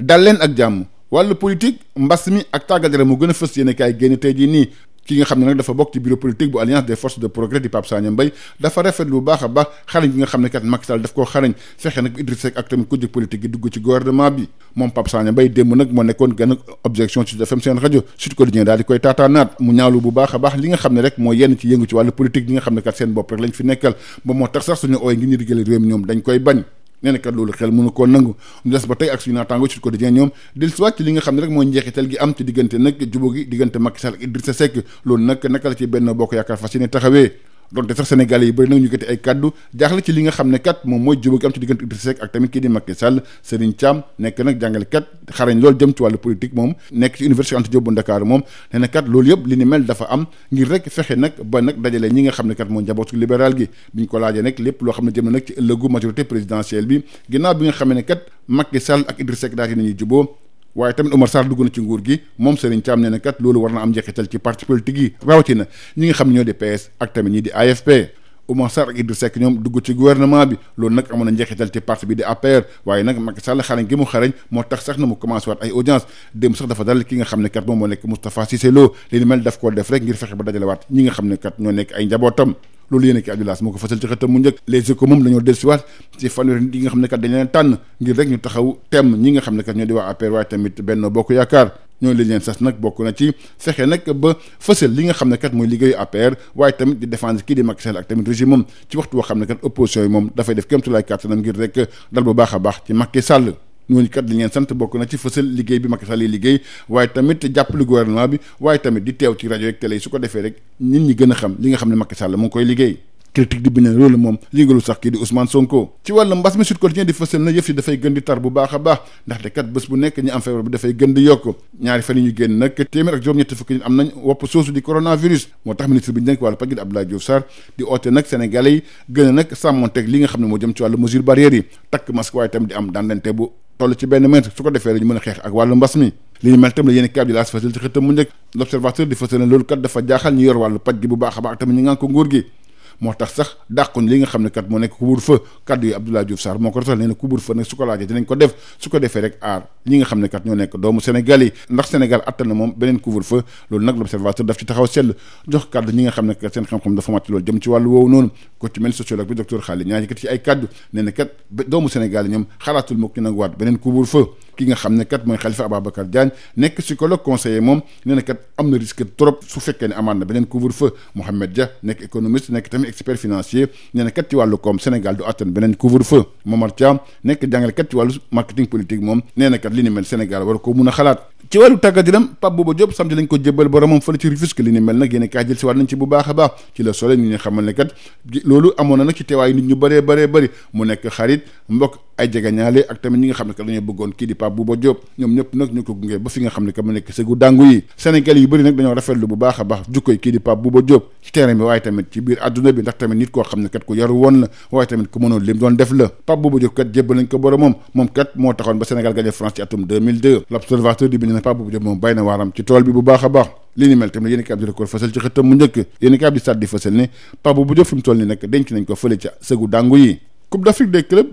dal leen ak jàmm wàllu politique mbas mi ak tàggat yaram mu gën a fës yéene kaay génn tey jii nii ki nga xam ne nag dafa bokk ci bureau politique bu alliance des forces de progrès di Pape Sagna Mbaye dafa rafet lu baax a baax xarañ gi nga xam ne kat Macky Sall daf koo xarañ fexe nag Idrissa Seck ak tamit ku jóg politique gi dugg ci gouvernement bi moom Pape Sagna Mbaye démb nag moo nekkoon gan objection Sud FM seen rajo Sud Quotidien daal di koy taataanaat mu ñaawlu bu baax a baax li nga xam ne rek moo yenn ci yëngu ci wàllu politique ñi nga xam ne kat seen bopp rek dañ koy bañ nee na kat loolu xel mënu koo nangu ñu des ba tey ak suñu naataango Sud Quotidien ñoom dellusiwaat ci li nga xam ne rek mooy njeexital gi am ci diggante nag jubóo gi diggante Macky Sall ak Idrissa Seck loolu nag naka la ci benn bokk yaakaar fas ne taxawee donte sax sénégalais yi bëri nag ñu gëti ay kaddu jaaxle ci li nga xam ne kat moom mooy jubóo gi am ci diggante Idrissa Seck ak tamit kii di Macky Sall Serigne Thiam nekk nag jàngalekat xarañ loolu jëm ci wàllu politique moom nekk ci université Anta Diop bu Ndakaaru moom nee loolu yëpp li ni mel dafa am ngir rek fexe nag ba nag dajale ñi nga xam ne kat mooy njabootu libéral gi biñ ko laajee nag lépp loo xam ne jëm na nag ci ëllëgu majorité présidentielle bi ginnaaw bi nga ne kat Macky Sall ak Idrissa Seck daal di nañuy waaye tamit Omar Sarr dugg na ci nguur gi moom Serigne Thiam nee na kat loolu war na am njeexital ci parti politique yi rawatina ñi nga xam ne ñoo di PS ak tamit ñii di AFP Omar ñoom dugg ci gouvernement bi loolu na njeexital ci parti bi di APR waaye nag Macky Sall xarañ gi mu xarañ moo tax sax na mu commencé waat ay audience dem sax dafa dal ki nga xam ne kat moom moo nekk Moustapha Cissé Lo li ni mel daf koo def rek ngir fexe ba dajale waat ñi nga xam ne kat ñoo nekk ay njabootam loolu yéen a ki adulaas moo ko fasal ci xëtam mu njëkk les échos moom dañoo dellusiwaat ci fanweer yi nga xam ne kat dañ leen tànn ngir rek ñu taxaw temm ñi nga xam ne kat ñoo di waa APR waaye tamit Benno Bokk Yaakaar ñoo leen sas nag bokk na ci fexe nag ba fësal li nga xam ne kat mooy liggéeyu APR waaye tamit di défendre kii di Macky Sall ak tamit régime ci waxtu woo xam ne kat opposition yi moom dafay def kéem tolluwaay kàttanam ngir rek dal a baax ci Macky Sall ñooñu kat li ngeen sant bokk na ci fësal liggéey bi Macky Sall yi liggéey waaye tamit jàppale gouvernement bi waaye tamit di teew ci rajo yeeg télé yi su ko defee rek ñi gën a xam li nga xam ne Macky Sall mu ngi koy liggéey critique di bi ne loolu moom li ngalu sax kii di Ousmane Sonko ci wàllu mbas mi Sud na yëf yi dafay gën di tar bu baax a baax ndaxte kat bés bu am feebar téeméer ak juróom-ñetti fukki nit am nañ wopp soosu di coronavirus moo tax ministre bi ñu nekk wàllu paj gi di Abdoulaye di oote nag sénégalais yi gën a nag sàmmonteeg li nga xam ne moo jëm ci wàllu mesure barrières yi takk masque waaye tamit di am dandante bu toll ci benn mètre su ko defee dañu mën a xeex ak wàllu mbas mi li ñu mel tam la yéen kaab di laas fasal ci xëtam mu njëkk l'observateur di fasal ne loolu kat dafa jaaxal ñu yor wàllu paj gi bu baax a baax tamit ñu ngaan ko nguur gi moo tax sax dàqoon li nga xam ne kat moo nekk couvre-feu kaddu yi Abdoulaye Diouf Sarr moo ko rafetlu ne ne couvre-feu nag su ko defee rek aar ñi nga xam ne kat ñoo nekk doomu Sénégal yi ndax Sénégal attan moom beneen couvre-feu loolu nag l'observateur daf ci taxaw seetlu jox kaddu ñi nga xam ne kat seen xam-xam dafa màcc loolu jëm ci wàllu woowu noonu ko sociologue bi docteur Khalil ñaa yëkkati ci ay kaddu nee na kat doomu Sénégal yi ñoom xalaatul mo ñu nanguwaat beneen couvre ki nga xam ne kat mooy Khalifa Ababacar Diagne nekk psychologue conseiller moom nee na kat am na risque trop su fekkee ne amaat na beneen couvre-feu Mouhamed Dia nekk économiste nekk tamit expert financier nee na kat ci wàllu koom Sénégal du attan beneen couvre-feu Momar Thiam nekk jàngalekat ci wàllu marketing politique moom nee na kat li ni Sénégal war ko mun a xalaat ci wàllu tàggat yaram Pape Bouba Diop samedi lañ ko jébbal boromam fële ci Rufisque li ni mel nag yéen kaay jël si a baax ne xamal ne kat loolu ba fi nga xam ne que mu nekk sëgu a baax jukkoy kii di Pape Bouba waaye nañ ko boromam moom kat moo taxoon ba Sénégal gagné France ci atum 2002 l'observateur ne Pape Bouba Diop moom bay na waaram ci tool bi bu baax a baax li ni mel tamit yéen i kaab di record fësal ci xëttam mu njëkk yéen i kaab di stade di fësal ne Pape Bouba Diop fi mu toll nii denc nañ ko fële ca sëgu dàngu yi Coupe d'Afrique des clubs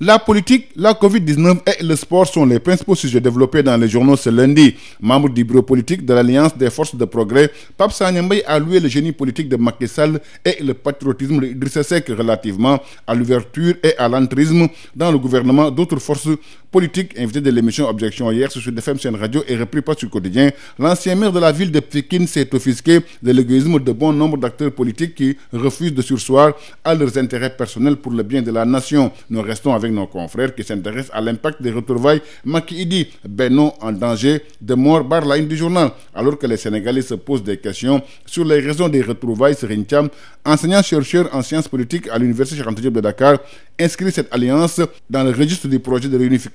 La politique, la Covid-19 et le sport sont les principaux sujets développés dans les journaux ce lundi. Membre du bureau politique de l'Alliance des forces de progrès, Pape Sagna Mbaye a loué le génie politique de Macky Sall et le patriotisme d'Idrissa Seck relativement à l'ouverture et à l'entrisme dans le gouvernement d'autres forces politique, invité de l'émission Objection hier sur Sud FM, chaîne radio et repris par Sud Quotidien. L'ancien maire de la ville de Pékin s'est offusqué de l'égoïsme de bon nombre d'acteurs politiques qui refusent de sursoir à leurs intérêts personnels pour le bien de la nation. Nous restons avec nos confrères qui s'intéressent à l'impact des retrouvailles Maki Idi, Beno en danger de mort, barre du journal. Alors que les Sénégalais se posent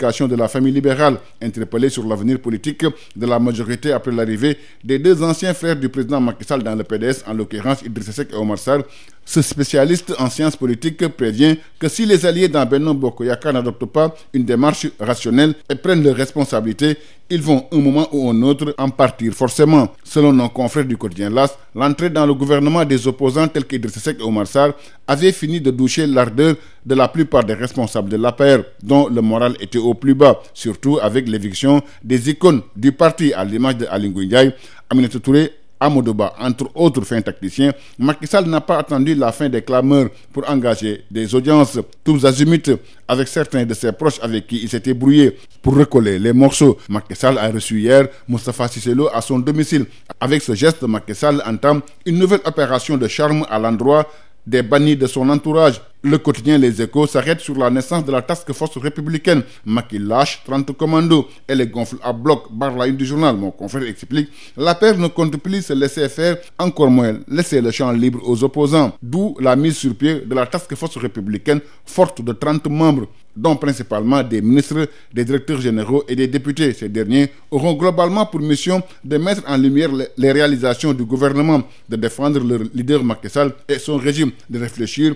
revendications de la famille libérale, interpellée sur l'avenir politique de la majorité après l'arrivée des deux anciens frères du président Macky dans le PDS, en l'occurrence Idrissa Seck et Omar Sarr, Ce spécialiste en sciences politiques prévient que si les alliés dans Benno Bokk Yakaar n'adoptent pas une démarche rationnelle et prennent leurs responsabilités, ils vont un moment ou un autre en partir forcément. Selon nos confrères du quotidien L'As, l'entrée dans le gouvernement des opposants tels qu'Idrissa Seck et Oumar Sarr avait fini de doucher l'ardeur de la plupart des responsables de l'APR, dont le moral était au plus bas, surtout avec l'éviction des icônes du parti à l'image de Aly Ngouille Amadou Ba, entre autres fins tacticiens, Macky Sall n'a pas attendu la fin des clameurs pour engager des audiences. Tous azimuts avec certains de ses proches avec qui il s'était brouillé pour recoller les morceaux. Macky Sall a reçu hier Moustapha Cissé à son domicile. Avec ce geste, Macky Sall entame une nouvelle opération de charme à l'endroit des bannis de son entourage. Le quotidien Les Échos s'arrête sur la naissance de la task force républicaine. Macky lâche 30 commandos et les gonfle à bloc, barre la une du journal. Mon confrère explique La paire ne compte plus se laisser faire, encore moins laisser le champ libre aux opposants. D'où la mise sur pied de la task force républicaine forte de 30 membres. donc principalement des ministres, des directeurs généraux et des députés. Ces derniers auront globalement pour mission de mettre en lumière les réalisations du gouvernement, de défendre leur leader Macky Sall et son régime, de réfléchir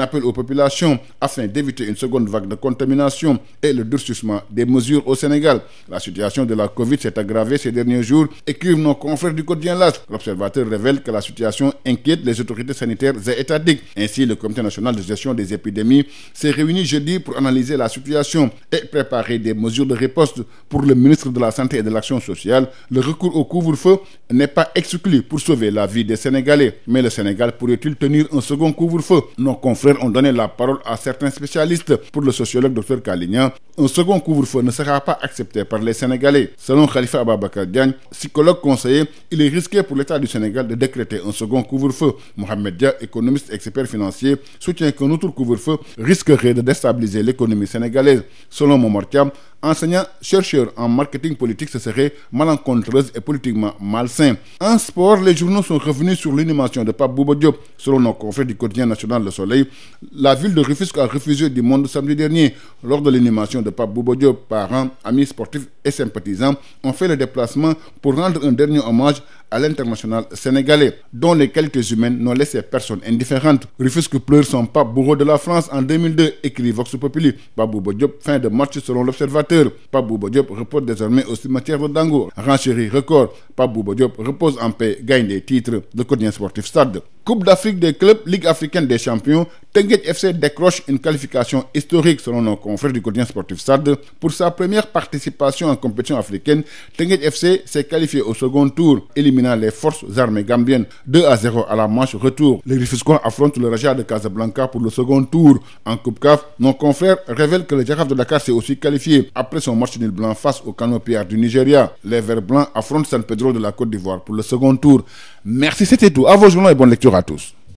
appel aux populations afin d'éviter une seconde vague de contamination et le durcissement des mesures au Sénégal. La situation de la Covid s'est aggravée ces derniers jours, écrivent nos confrères du quotidien LAS. L'observateur révèle que la situation inquiète les autorités sanitaires et étatiques. Ainsi, le Comité national de gestion des épidémies s'est réuni jeudi pour analyser la situation et préparer des mesures de riposte pour le ministre ont donné la parole à certains spécialistes. Pour le sociologue Dr Kalignan, un second couvre-feu ne sera pas accepté par les Sénégalais. Selon Khalifa Ababakar Diagne, psychologue conseiller, il est risqué pour l'État du Sénégal de décréter un second couvre-feu. Mohamed Dia, économiste expert financier, soutient qu'un autre couvre-feu risquerait de déstabiliser l'économie sénégalaise. Selon enseignant-chercheur en marketing politique, ce serait malencontreuse et politiquement malsain. En sport, les journaux sont revenus sur l'inhumation de Pape Bouba Diop. Selon nos confrères du quotidien national Le Soleil, la ville de Rufisque a refusé du monde samedi dernier. Lors de l'inhumation de Pape Bouba Diop, parents, amis sportifs et sympathisants ont fait le déplacement pour rendre un dernier hommage à l'international sénégalais, dont les qualités humaines observateur. Pape Bouba Diop repose désormais au cimetière de Dangour. Renchéri record. Pape Bouba repose en paix, gagne des titres. Le quotidien sportif Stade. Coupe d'Afrique des clubs, Ligue africaine des champions, Teungueth FC décroche une qualification historique selon nos confrères du quotidien sportif SAD. Pour sa première participation en compétition africaine, Teungueth FC s'est qualifié au second tour, éliminant les forces armées gambiennes à la manche retour. le Raja de Casablanca pour le second tour. En Coupe CAF, nos confrères révèlent que le Jaraaf de Dakar s'est aussi qualifié après son match blanc face au Canopière du Nigeria. Les Verts Blancs